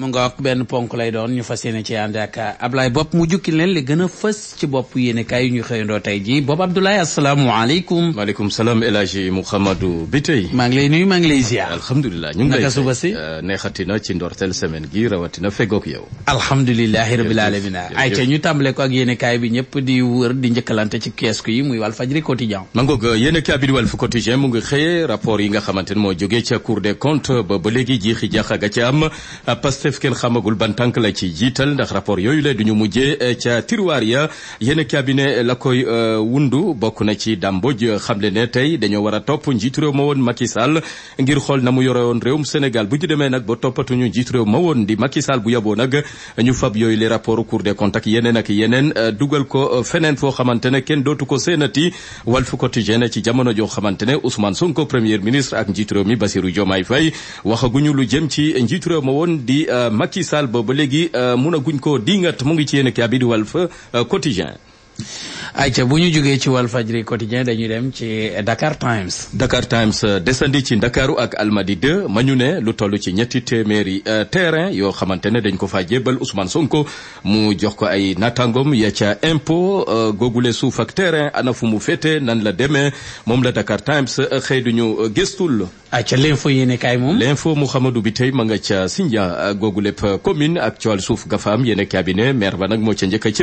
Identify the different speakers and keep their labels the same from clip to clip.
Speaker 1: mu nga benn ponk lay doon ñu fas yéene ci ànd ak Ablaye Bopp mu jukki leen li gën a fës ci bopp yéene kaay yu ñu xëyandoo tey jii Bopp Abdoulaye asalaamualeykum. maaleykum salaam El Hadji Mouhamadou bi tey. maa ngi lay nuyu maa ngi lay ziar. ñu ngi lay naka suba
Speaker 2: si. Euh, neexati na ci ndorteel semaine gi rawatina feggoog yow. alhamdulilahi rabil alamina ayca
Speaker 1: ñu tàmbale ko ak yéene kaay bi ñëpp di wër di njëkkalante ci kiosque yi muy Walf Fadjri quotidien.
Speaker 2: ma ngoog euh, yéene kaay bi di Walf quotidien mu ngi xëyee rapport yi nga xamante ne moo jógee ca cour des comptes ba ba léegi jiixi jaxa ga ci am Pastef kenn xamagul ban tànk la ci jiital ndax rapport yooyu la duñu mujjee eh, ca tiroir ya yéen cabinet eh, eh, wundu bokk na ci damboj xamle ne tey dañoo war a topp njiitu réew ma woon Sall ngir xool na mu yore woon réewum Sénégal bu ñu demee nag ba toppatuñu njiitu réew ma woon di Macky Sall bu yaboo nag ñu fab yooyu les rapports Cour des comptes ak yeneen ak yeneen dugal ko feneen foo xamante ne kenn dootu ko seenati Walf Quotidien ci jamono joo xamante ne Ousmane ko premier ministre ak njiitu mi Bassirou Diomaye Faye ma Macky Sall boobu ba léegi euh, mun a guñ koo diingat mu ngi ci yéen a kii Abidou Walf euh, quotidien
Speaker 1: ayca bu ñu jógee ci Walfadjri quotidien dañuy dem ci Dakar Times.
Speaker 2: Dakar Times euh, desandi ci ndakaaru ak Almadi 2 ma ñu ne lu toll ci ñetti téeméeri euh, terrain yoo xamante ne dañ ko faa jébbal Ousmane Sonko mu jox ko ay nattangom ya ca impôt euh, googule suuf ak terrain ana fu mu féete nan la demee moom la Dakar Times xëy duñu gëstul. ayca l'info yéene kaay moom. l'info Mouhamadou bi tey ma nga ca Sindia googu lépp commune ak coal suuf gafaam yéene kaay bi ne nag moo ca njëkk a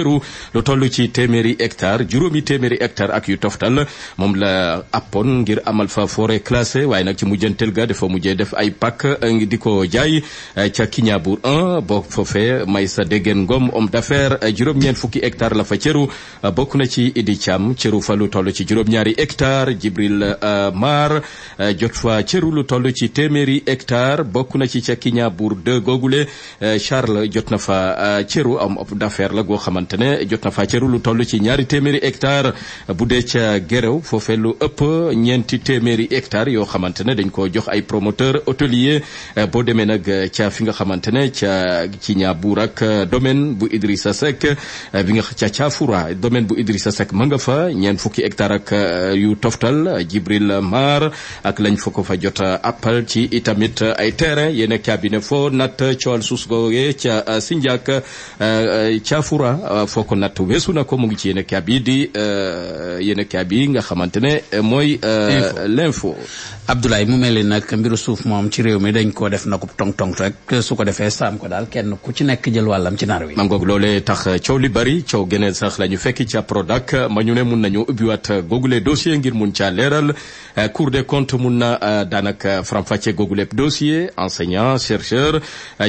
Speaker 2: lu toll ci téeméeri téeméeri hectare juróomi téeméeri hectare ak yu toftal moom la appoon ngir amal fa forêt classée waaye nag ci mujjantel ga dafa mujjee def ay pàkk eh, di ko jaay eh, ca Kignabur 1 boo foofee may sa déggen ngom homme d'affaires eh, juróom-ñeent fukki hectare la fa cëru bokk na ci Idi Thiam cëru fa lu toll ci juróom-ñaari hectare Jibril Mar jot fa cëru lu toll ci téeméeri hectare bokk na ci ca Kignabur 2 googule Charles jot na fa cëru am homme la goo xamante jot na fa lu toll ci ñaari téeméeri hectare bu dee ca Guéréo foofee lu ëpp ñeenti téeméeri hectare yoo xamante ne dañ koo jox ay promoteur hôtelier boo demee nag ca fi nga xamante ne ca ci Ñaabuur ak domaine bu Idrissa Seck bi nga ca Thiafoura domaine bu Idrissa Seck ma nga fa ñeent fukki hectare ak yu toftal Jibril Mar ak lañ fa fa jot apple ci itamit ay terrain yéen a cabinet foo nat coowal suus googee ca Sindiak Thiafoura foo ko natt ko mu ci yéen a kaab yi di euh, yéen a kaab nga xamante ne euh, mooy. Euh, l'info
Speaker 1: Abdoulaye mu mel ni nag mbiru suuf moom ci réew mi dañ koo def nag tong tong rek su ko defee saam ko daal kenn ku ci nekk jël wàllam ci naar wi.
Speaker 2: maam googu loolee tax coow li bari coow geneen sax la ñu fekk ca Prodac ma ñu ne mun nañu ubbiwaat googule dossier ngir mun caa leeral Cour de comptes mun na daanaka faram-fàccee googule dossier enseignant chercheur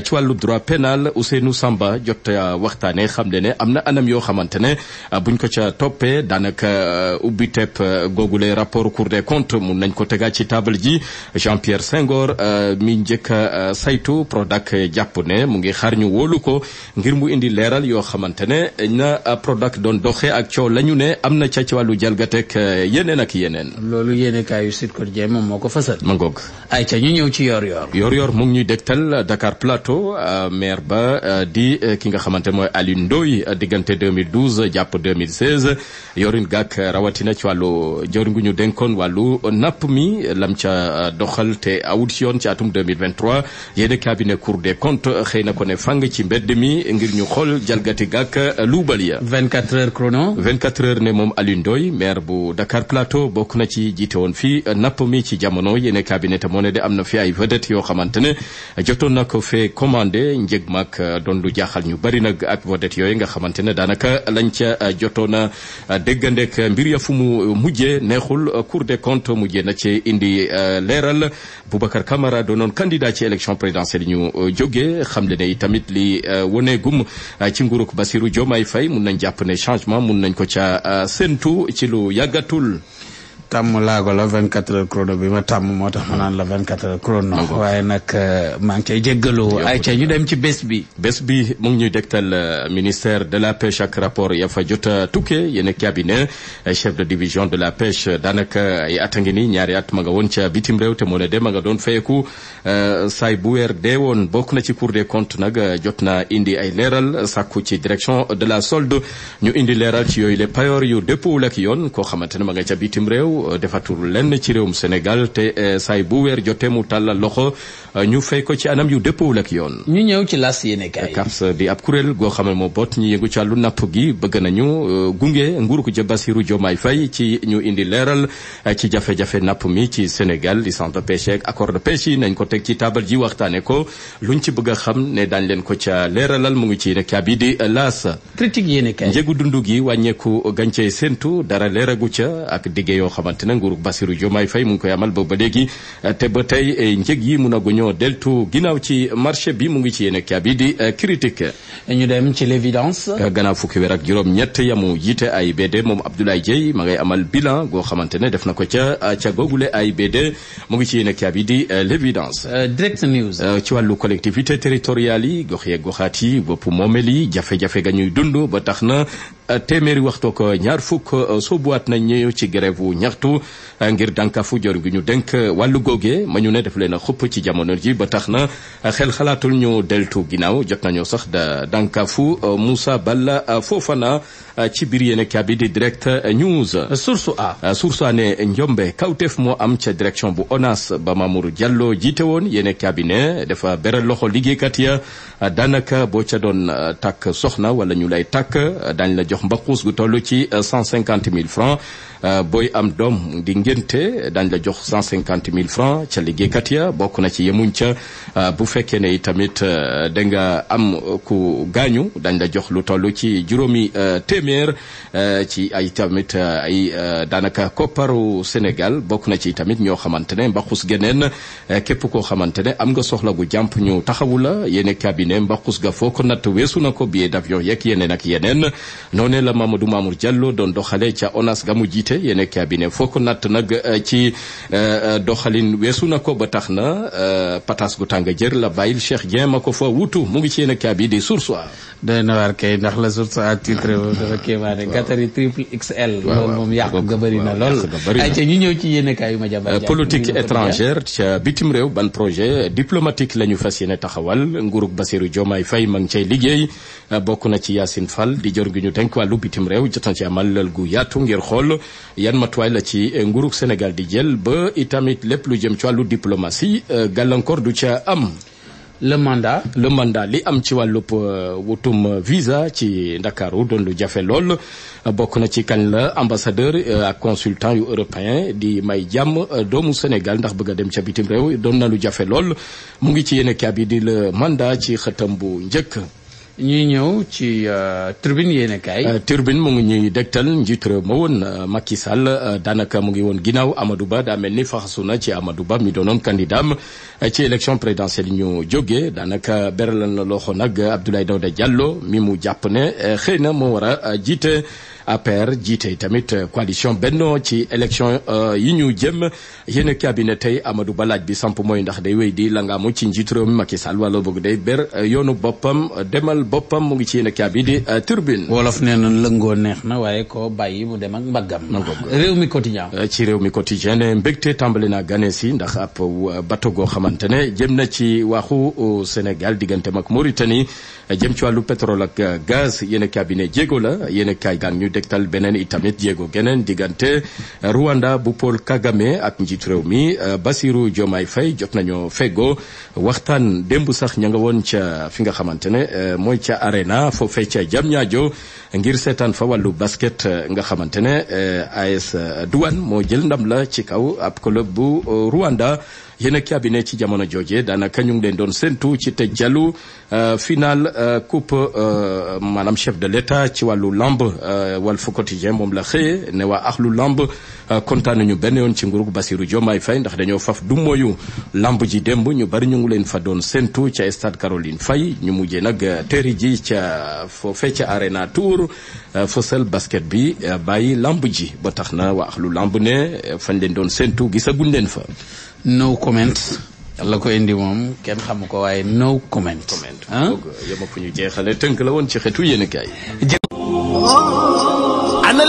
Speaker 2: ci wàllu droit pénal nu Samba jot waxtaanee xam le ne am na anam yoo xamante ne. buñ ko ca toppee daanaka euh, ubbi tepp euh, googu le rapport cour des comptes mun nañ ko tegaat ci table ji Jean Pierre Senghor euh, mi njëkk a saytu Prodac jàpp ne mu ngi xaar ñu wóolu ko ngir mu indi leeral yoo xamante ne na Prodac doon doxee ak coow la ñu ne am na ca ci wàllu jalgateeg yeneen ak yeneen.
Speaker 1: loolu yéen kaayu Sud moo ko fasal.
Speaker 2: ma ngoog ay ca ñu ñëw ci yor-yor. mu ngi ñuy Dakar Plateau maire di ki nga xamante mooy Alioune Ndoye diggante 2016 yorin gàkk euh, rawatina ci wàllu jëwriñ gu ñu dénkoon wàllu napp mi lam ca euh, doxal te awut ci yoon ci atum 2023 yéen cabinet cour des comptes xëy na ko ne fang ci mbedd mi ngir ñu xool jalgati gàkk euh, luubal ya 24 heures chrono 24 heures ne moom Alioune Ndoye maire bu Dakar Plateau bokk na ci jiite woon fii napp mi ci jamono yéen cabinet moo ne de am na fi ay vedette yoo xamante ne jotoon na ko fee commandé njëg maak doon lu jaaxal ñu bari nag ak vedette yooyu nga xamante ne daanaka jotoona déggandeek mbir ya fu mu mujjee neexul Cour des comptes mujjee na ci indi euh, leeral Boubacar Camara doonoon candidat ci élection présidentielle ñu euh, joge xam le ne tamit li euh, woneegum ci nguuruk Bassirou Diomaye fay mun nañ jàpp ne changement mun nañ ko ca séntu ci lu yàggatul tàmm laago la 24 heures chrono bi ma tàmm moo
Speaker 1: tax ma naan la 24 heures waaye nag euh, maa ngi cay jéggalu. ay ca
Speaker 2: ñu dem ci bés bi. bés bi mu ngi ñuy dégtal euh, ministère de la pêche ak rapport ya fa jot a tukkee yéen cabinet euh, chef de division de la pêche daanaka ay at ngi nii ñaari at maga nga woon ca bitim réew te moo ne de ma nga doon fayeku saay bu weer dee woon bokk na ci cour de comptes nag jot na indi ay leeral sàkku ci direction de la solde ñu indi leeral ci yooyu les yu dëppoo ak yoon koo xamante ne ma nga ca defatul lenn ci réewum Sénégal te eh, saay bu weer jotee mu tàllal loxo Euh, ñu fay ko ci anam yu dëppoowul ak yoon. ñu ñëw ci las yéene kaay. CAPS di ab kuréel goo xam ne moo boot ñu yëngu ci wàllu napp gi bëgg nañu euh, gunge nguuru ko ja Bassirou Diomaye Faye ci ñu indi leeral euh, ci jafe-jafe napp mi ci Sénégal licence de pêche ak accord de pêche yi nañ ko teg ci taabal ji waxtaane ko lu luñ ci bëgg a xam ne daañ leen ko ca leeralal mu ngi ci yéene kaay bi di las. critique yéene dund gi wàññeeku gàncax séntu dara leeragu ca ak diggé yoo xamante ne nguuru Bassirou Diomaye Faye mu ngi koy amal ba ba léegi ñoo deltu ginnaaw ci marché bi mu ngi ci yéen kabi di eh, critique ñu dem ci l'évidence eh, ganaaw fukki weer ak juróom ñett yamu ay AIBD moom Abdoulaye Dieye ma ngay amal bilan goo xamante ne def na ko ca eh, ca ay AIBD mu ngi ci yéen kabi di l'évidence direct ci wàllu collectivité territoriale yi gox yeeg goxaat yi bopp moomel yi jafe-jafe ga ñuy dund ba tax na téeméeri waxtu ko ñaar fukk euh, soobuwaat nañ ñu ci grève wu ñaxtu euh, ngir dànkafu jor gi ñu denk euh, wàllu googee ma ñu ne def leen a xupp ci jamono ji ba tax na xel xalaatul ñu deltu ginnaaw jot nañoo sax da dànkafu Moussa Balla Fofana ci biir yéen kabi di direct news. source a source a ne njombe kawteef moo am ca direction bu ONAS ba Mamour jàlloo jiite woon yéen cabinet dafa beral loxo liggéeykat ya daanaka boo ca doon takk soxna wala ñu lay takk dañ la jox jox mbakuus gu toll ci euh, cent cinquante mille francs Euh, booy am doom di ngénte dañ la jox cent cinquante mille francs ca liggéeykat ya bokk na ci yemuñ ca euh, bu fekkee ne tamit euh, da nga am ku gaañu dañ la jox lu toll ci juróomi téeméer ci ay tamit ay daanaka kopparu Sénégal bokk na ci tamit ñoo xamante ne mbaxus geneen képp koo xamante ne am nga soxla gu jàmp ñu taxawu la yéen cabinet mbaxus ga foo ko natt weesu na ko billet d'avion yeeg yeneen ak yeneen noonee la Mamadou Mamour Diallo doon doxale ca ONAS ga mu jiite jiite yéen cabinet foo ko natt nag euh, ci euh, euh, doxalin weesu na ko ba tax na patas gu tàng jër la bàyyil Cheikh Dieng a ko fa wutu mu ngi ci yéen cabinet bi di source a doy na waar kay ndax la source a titre ah. dafa kéemaane gattari triple XL loolu moom yàq
Speaker 1: ñu ñëw ci yéen kaay yu ma jàmbal
Speaker 2: bitim réew ban projet diplomatique la ñu fas yéene taxawal nguurug Bassirou Diomaye fay ma ngi cay liggéey bokk na ci Yacine fal di jor gi ñu denk wàllu bitim réew jotoon ci amal lël gu yaatu ngir xool yan matuwaay la ci eh, nguru Sénégal di jël ba itamit lépp lu jëm ci wàllu diplomatie eh, gàllankoor du ca am. le mandat le mandat li am ci wàllu wàllub eh, wutum visa ci ndakaaru doon lu jafe lool bokk na ci kan la ambassadeur ak consultant yu européen di may jàmm doomu Sénégal ndax bëgg a dem ca bitim réew doon na lu jafe lool mu ngi ci yenn kaab yi di la mandat ci xëtam bu njëkk. ñuy ñëw ci euh, turbine yéen kaay. Euh, turbine mu ngi ñuy degtal njiit réew ma woon euh, Macky Sall daanaka mu ngi woon ginnaaw Amadou Ba daa mel ni faxasu na ci Amadou Ba mi doonoon candidat am ci élection présidentielle ñu jógee daanaka beralal na loxo nag Abdoulaye Daouda Diallo mi mu jàpp ne xëy na moo war a jiite. APR jiite tamit coalition Benno ci élection euh, yi ñu jëm yéen cabinet tey Amadou Ba bi samp mooy ndax day wéy di langaamu ci njiitu réew mi Macky sal wala bëgg day ber yoonu boppam demal boppam mu ngi ci yéen cabinet di euh, turbine. wolof nee na lëngoo neex na waaye ko bàyyi mu dem ak mbaggam. réew mi quotidien euh, ci réew mi quotidien ne mbégte tàmbali naa gane si ndax ab bato goo xamante ne jëm na ci waxu Sénégal diggante mag Mauritanie jëm ci wàllu pétrole ak gaz yéen cabinet la yéen tegtal beneen itamit jéego geneen diggante Rwanda bu Paul Kagame ak njiitu réew mi euh, Bassirou Diomaye Faye jot nañoo feggoo waxtaan démb sax ña nga woon ca fi nga xamante ne euh, mooy ca arena foofee ca Diamniadio ngir seetaan fa wàllu basket euh, nga xamante ne AS Douane moo jël ndam la ci kaw ab club yéen bi ne ci jamono jooje daanaka ñu ngi leen doon séntu ci te jalu euh, final euh, coupe euh, maanaam chef de l'état ci wàllu lamb Walf Quotidien moom la xëyee ne waa axlu lamb kontaan nañu benn yoon ci nguurug Bassirou Diomaye Faye ndax dañoo faf du lamb ji démb ñu bari ñu ngi leen fa doon séntu ca stade Caroline Faye ñu mujjee nag teeri ji ca foofee ca Arena Tour fësal basket bi bàyyi lamb ji ba tax na waa axlu lamb ne fañ leen doon séntu gisaguñ leen fa
Speaker 1: no comment la ko indi moom ken xamu ko waaye no comment. ah yéen a fu
Speaker 2: ñu jeexalee tënk la woon ci xeetu yéen a